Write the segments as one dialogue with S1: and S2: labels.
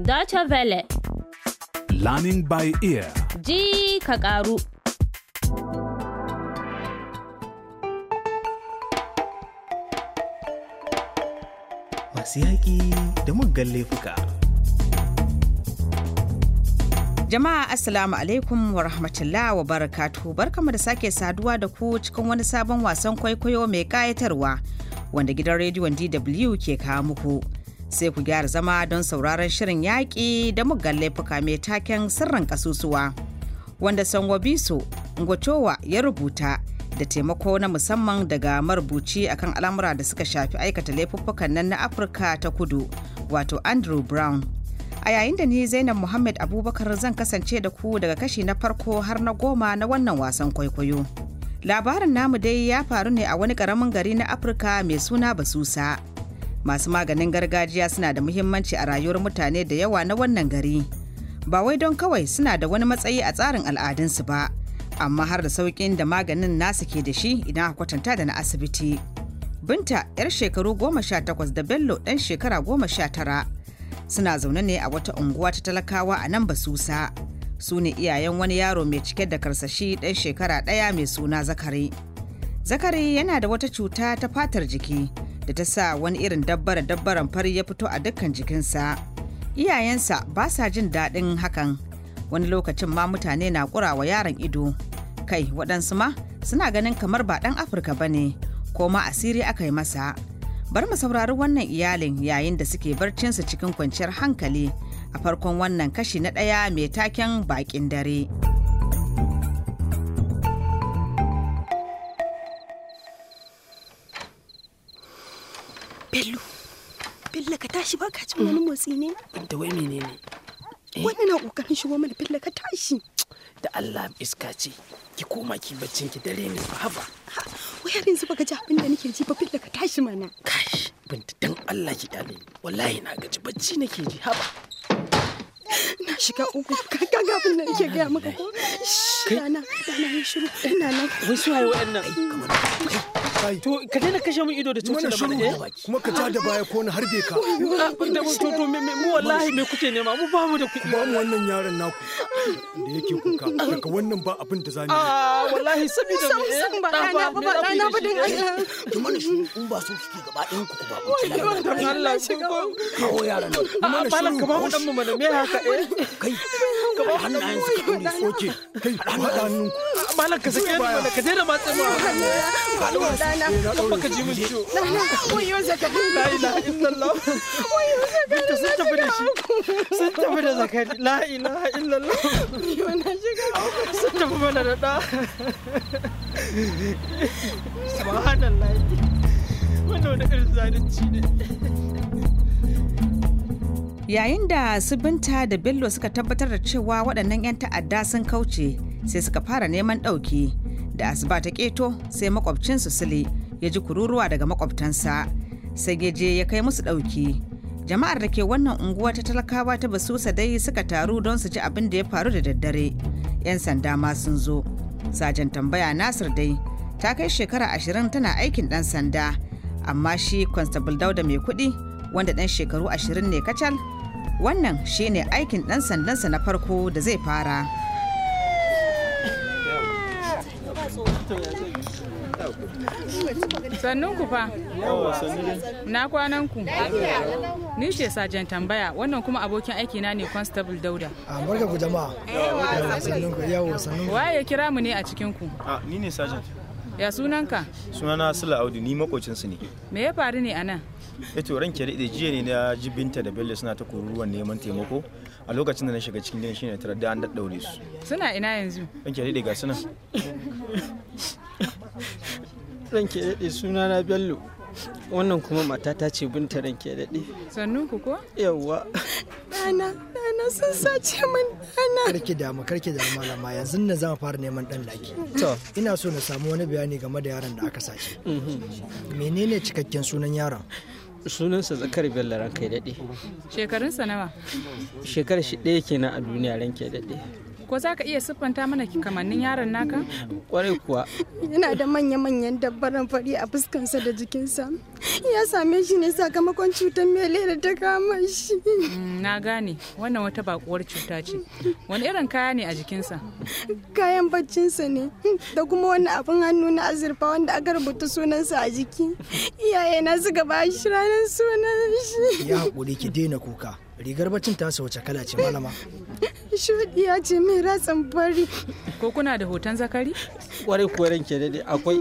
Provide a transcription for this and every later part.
S1: Deutsche Welle. Learning by ear. Ji ka karu.
S2: Masu yaƙi da muggan laifuka.
S3: Jama'a Assalamu alaikum wa rahmatullah wa barakatu barkamu da sake saduwa da ku cikin wani sabon wasan kwaikwayo mai ƙayatarwa wanda gidan rediyon DW ke kawo muku. sai ku gyara zama don sauraron shirin yaƙi da muggan laifuka mai taken sirrin kasusuwa wanda sanwa biso ngotowa ya rubuta da taimako na musamman daga marubuci akan al'amura da suka shafi aikata laifuffukan nan na afirka ta kudu wato andrew brown a yayin da ni zainab muhammad abubakar zan kasance da ku daga kashi na farko har na goma na wannan wasan kwaikwayo labarin namu dai ya faru ne a wani ƙaramin gari na afirka mai suna basusa masu maganin gargajiya suna da muhimmanci a rayuwar mutane da yawa na wannan gari ba wai don kawai suna da wani matsayi a tsarin al'adunsu ba amma har da sauƙin da maganin nasu ke da shi idan a kwatanta da na asibiti binta 'yar shekaru goma sha takwas da bello 'dan shekara goma sha tara suna zaune ne a wata unguwa ta talakawa a nan basusa su ne iyayen wani yaro mai cike da karsashi 'dan shekara ɗaya mai suna zakari zakari yana da wata cuta ta fatar jiki da ta sa wani irin dabbara dabbaran fari ya fito a dukkan jikinsa iyayensa ba sa jin daɗin hakan wani lokacin ma mutane na wa yaron ido kai waɗansu ma suna ganin kamar ba ɗan afirka ba ne ko ma asiri aka yi masa bar mu saurari wannan iyalin yayin da suke barcinsu cikin kwanciyar hankali a farkon wannan kashi na ɗaya mai taken baƙin dare.
S2: tashi ba ka cin wani motsi ne da wai menene eh. wani na kokarin shigo mana filla ka tashi da Allah iska ce ki koma ki baccin ki dare ne ba haba
S3: wai har yanzu baka ji abin da nake ji ba filla ka tashi mana kash
S2: binta dan Allah ki dale wallahi na gaji bacci nake ji haba
S3: shiga uku kan gabin nan ke gaya maka
S2: ko shi dana dana yi shiru ina nan wai su haye waɗannan to ka dena kashe mun ido da cutar da mana kuma ka ta da baya ko na harbe ka abin da mun to me mu wallahi me kuke nema mu ba mu da kuɗi ba mu wannan yaron naku da yake kuka daga wannan ba abin da zani yi wallahi saboda mu eh ba dana ba ba dana ba din to mana shi in ba su kike gaba ɗayan ku ba ku Allah shi
S3: ko yaran nan mana ba ka ba mu dan mu
S2: mana me haka eh kai hannayen su kawai ne soke kai haɗa hannun malam ka sake mana ka daina matsa ma kalwa dana dan baka ji min ciwo wayo zakari la ilaha illallah wayo zakari sun tafi da shi sun tafi da zakari la ilaha illallah sun tafi mana da da subhanallah wannan wani irin zalunci ne
S3: yayin da su da bello suka tabbatar da cewa waɗannan 'yan ta'adda sun kauce sai suka fara neman ɗauki da asuba ta keto sai makwabcinsu sule ya ji kururuwa daga makwabtansa sai ya ya kai musu ɗauki jama'ar da ke wannan unguwa ta talakawa ta basusa dai suka taru don su ji abin da ya faru da daddare 'yan sanda ma sun zo sajan tambaya nasir dai ta kai shekara ashirin tana aikin ɗan sanda amma shi constable dauda mai kuɗi wanda ɗan shekaru ashirin ne kacal wannan shine aikin ɗan sandansa na farko da zai fara
S1: sannun ku fa na kwananku? ni ce sajan tambaya wannan kuma abokin aikina na ne constable dauda a ah, barka ku jama'a waye kira mu ne a cikinku? Ah, ni ne sajen ya sunanka
S2: sunana sula audu ni su ne
S1: me ya faru ne a nan
S2: ya eh to ranke da jiya ne na jibinta binta da bello suna ta kururuwan neman taimako a lokacin da na shiga cikin gidan shine tare da an daddaure su
S1: suna ina yanzu
S2: ranke da ga suna ranke da sunana bello wannan kuma matata ce binta ranke da
S1: sannu ku ko
S2: yawwa dana dana sun sace min dana karki dama karki dama malama yanzu na zama fara neman dan laki to ina so na samu wani bayani game da yaron da aka sace mhm. menene cikakken sunan yaron sunansa zakar bello ranka ya daɗe
S1: shekarunsa nawa
S2: shekarar shi ɗaya kenan a duniya ran kai daɗe
S1: ko za ka iya siffanta mana kamannin yaron naka kwarai kuwa yana da manya-manyan dabbaran fari a fuskansa da jikinsa ya same shi ne sakamakon cutar mele da ta kama shi mm, na gane wannan wata bakuwar cuta ce wani irin kaya ne a jikinsa kayan baccinsa ne da kuma wani abin hannu na azurfa wanda aka rubuta sunansa a jiki iyayena suka ba shi ranar sunan shi ya
S2: haƙuri ki daina kuka rigar baccin ta wace kala ce malama
S1: ya ce mai ratsan bari ko kuna da hoton zakari
S2: kwarai kwarai ke dade akwai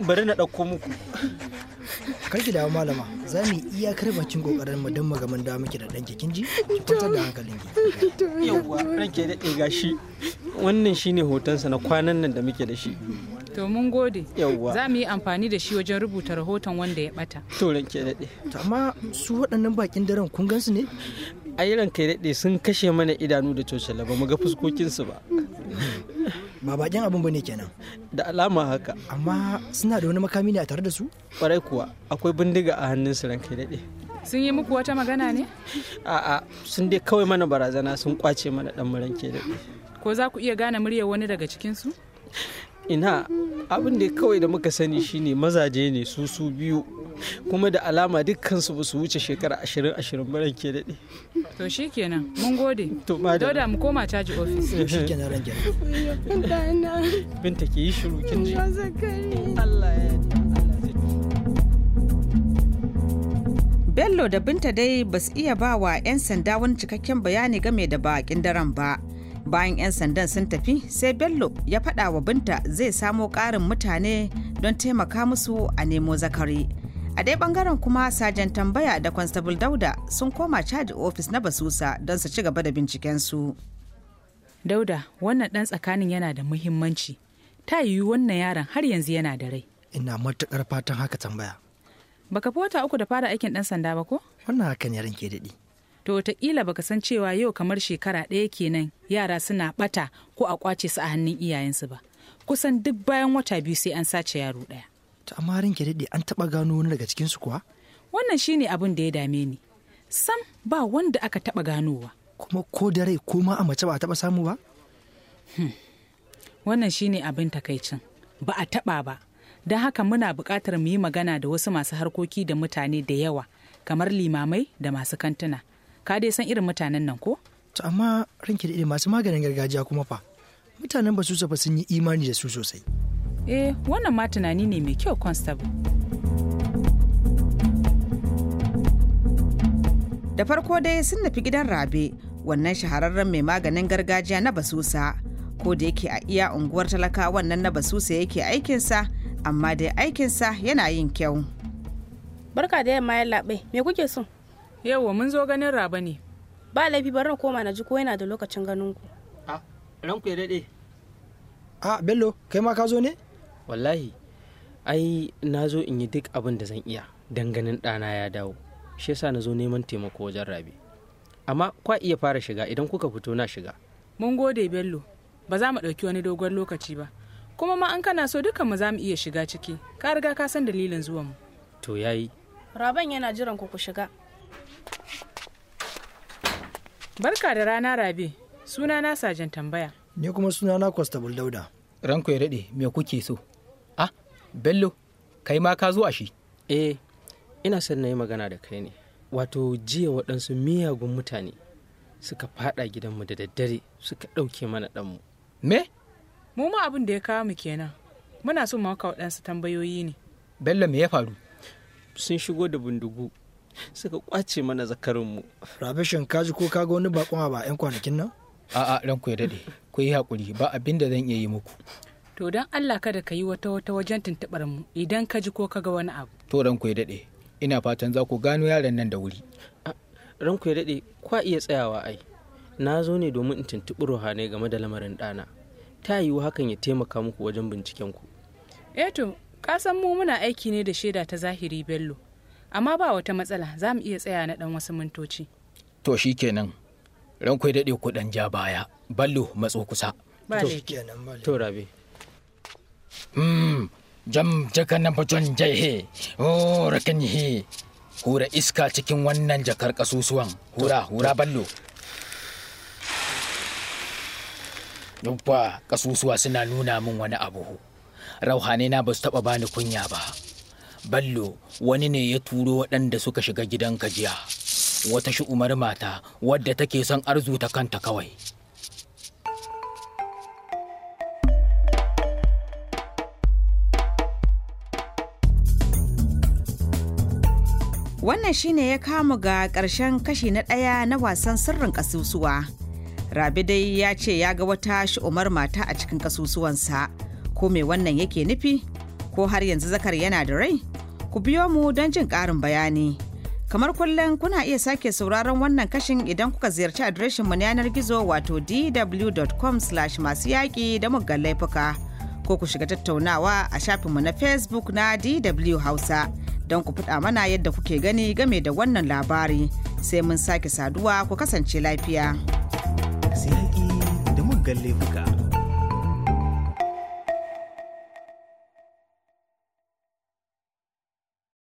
S2: bari na ɗauko muku ki dawo malama za mu iya karbacin kokarin mu don magaman da muke da ɗanke,
S1: kin ji kwantar da hankalin ki
S2: yawa ranke daɗe gashi wannan shine hotonsa na kwanan nan da muke da shi
S1: To mun gode. Yawwa. Za mu yi amfani da shi wajen rubuta rahoton wanda ya bata. To ranke daɗe. To amma su waɗannan bakin daren kun gan su
S2: ne? ai kai daɗe sun kashe mana idanu da cocin ba mu ga fuskokinsu ba ma bakin abin bane kenan da alama haka amma suna da wani makami ne a tare da su kwarai kuwa akwai bindiga a hannun su kai daɗe
S1: sun yi muku wata magana ne
S2: a'a sun dai kawai mana barazana sun kwace mana dan muran ke daɗe
S1: ko za ku iya gane muryar wani daga cikin su
S2: ina abin da kawai da muka sani shine mazaje ne su su biyu kuma da alama dukkan ba su wuce shekara ashirin ashirin baran ke
S1: daɗe to shi kenan mun gode to ba da dauda mu koma caji ofis shi kenan ranke
S3: binta ke yi shiru
S1: kin ji
S2: Allah ya
S3: Bello da Binta dai ba su iya ba wa 'yan sanda wani cikakken bayani game da bakin daren ba. Bayan 'yan sandan sun tafi sai Bello ya faɗa wa Binta zai samo ƙarin mutane don taimaka musu a nemo zakari. a dai bangaren kuma sajan tambaya da constable dauda sun koma caji ofis na basusa don su ci gaba da bincikensu dauda
S1: wannan dan tsakanin yana da muhimmanci ta yiwu wannan yaron har yanzu yana da rai ina matukar fatan haka tambaya baka fi wata uku da fara aikin dan sanda ba ko wannan hakan yaron ke daɗi to wataƙila baka san cewa yau kamar shekara ɗaya kenan yara suna ɓata ko a kwace su a hannun iyayensu ba kusan duk bayan wata biyu sai an sace yaro ɗaya to amma ke daɗe an taɓa
S2: gano wani daga cikinsu kuwa
S1: wannan shine abin da ya dame ni sam ba wanda aka taɓa ganowa kuma ko da rai ko ma a mace ba a taɓa samu ba hmm. wannan shine abin takaicin ba a taɓa ba don haka muna buƙatar mu yi magana da wasu masu harkoki da mutane da yawa kamar limamai da masu kantuna ka dai san irin mutanen nan ko to amma ranke da masu maganin gargajiya kuma fa mutanen ba su sun yi imani da su sosai eh wannan ma tunani ne mai kyau constable
S3: da farko dai sun nufi gidan rabe wannan shahararren mai maganin gargajiya na basusa ko da yake a iya unguwar talaka wannan na basusa yake aikinsa amma dai aikinsa yana yin kyau barka da yamma ya labe me kuke so yauwa mun zo ganin
S1: rabe ne ba laifi bari na koma na ji ko yana da lokacin ganin ku a ah,
S2: ranku ya dade a ah, bello kai ma ka zo ne wallahi ai na zo in yi duk abin da zan iya danganin ɗana ya dawo shi yasa na zo neman taimako wajen rabi amma kwa iya fara shiga idan kuka fito na shiga
S1: mun gode bello ba za mu ɗauki wani dogon lokaci ba kuma ma an kana so dukan mu za mu iya shiga ciki ka riga ka san dalilin zuwan mu to yayi raban yana jiran ku ku shiga barka da rana rabe sunana sajan tambaya
S2: ni kuma sunana constable dauda ranku ya daɗe me kuke so bello kai ma ka zo a shi eh ina son na yi magana da kai ne wato jiya waɗansu miyagun mutane suka fada gidanmu da daddare suka ɗauke mana ɗanmu me
S1: mu ma abin da ya kawo mu kenan muna son maka waɗansu tambayoyi ne
S2: bello me ya faru sun shigo da bindigu suka kwace mana zakarinmu rabishin kaji ko ga wani bakon ba 'yan kwanakin nan a'a ranku ya daɗe ku yi haƙuri ba abin da zan iya yi muku
S1: to don allah kada ka yi wata wata wajen tuntubar mu idan ka ji ko ka ga wani abu
S2: to ranku ya daɗe ina fatan za ku gano yaran nan da wuri ranku ya daɗe kwa iya tsayawa ai na zo ne domin in tuntuɓi ruhanai game da lamarin ɗana ta yiwu hakan ya taimaka muku wajen binciken ku
S1: eh to ka san mu muna aiki ne da shaida ta zahiri bello amma ba wata matsala za mu iya tsaya na ɗan wasu mintoci
S2: to shi kenan, ranku ya daɗe ku ɗan ja baya Bello matso kusa Hmm, jam jaka na bajon jaihe rakan yi hura iska cikin wannan jakar kasusuwan hura hura ballo yabba kasusuwa suna nuna min wani abu rauhane na ba su taba bani kunya ba ballo wani ne ya turo waɗanda suka shiga gidan kajiya. wata shi umar mata wadda take son arzuta kanta kawai
S3: Wannan shine ya kamu ga ƙarshen kashi na ɗaya na wasan sirrin ƙasusuwa. Rabi dai ya ce ya ga wata shi'umar mata a cikin ƙasusuwansa. Ko me wannan yake nufi? Ko har yanzu zakar yana da rai? Ku biyo mu don jin ƙarin bayani. Kamar kullum kuna iya sake sauraron wannan kashin idan kuka ziyarci adireshin mu na yanar gizo wato dw.com slash masu yaƙi da muggan laifuka. Ko ku shiga tattaunawa a shafinmu na Facebook na DW Hausa. don ku faɗa mana yadda kuke gani game da wannan labari sai mun sake saduwa ku kasance lafiya.
S2: Sai da muggan laifuka.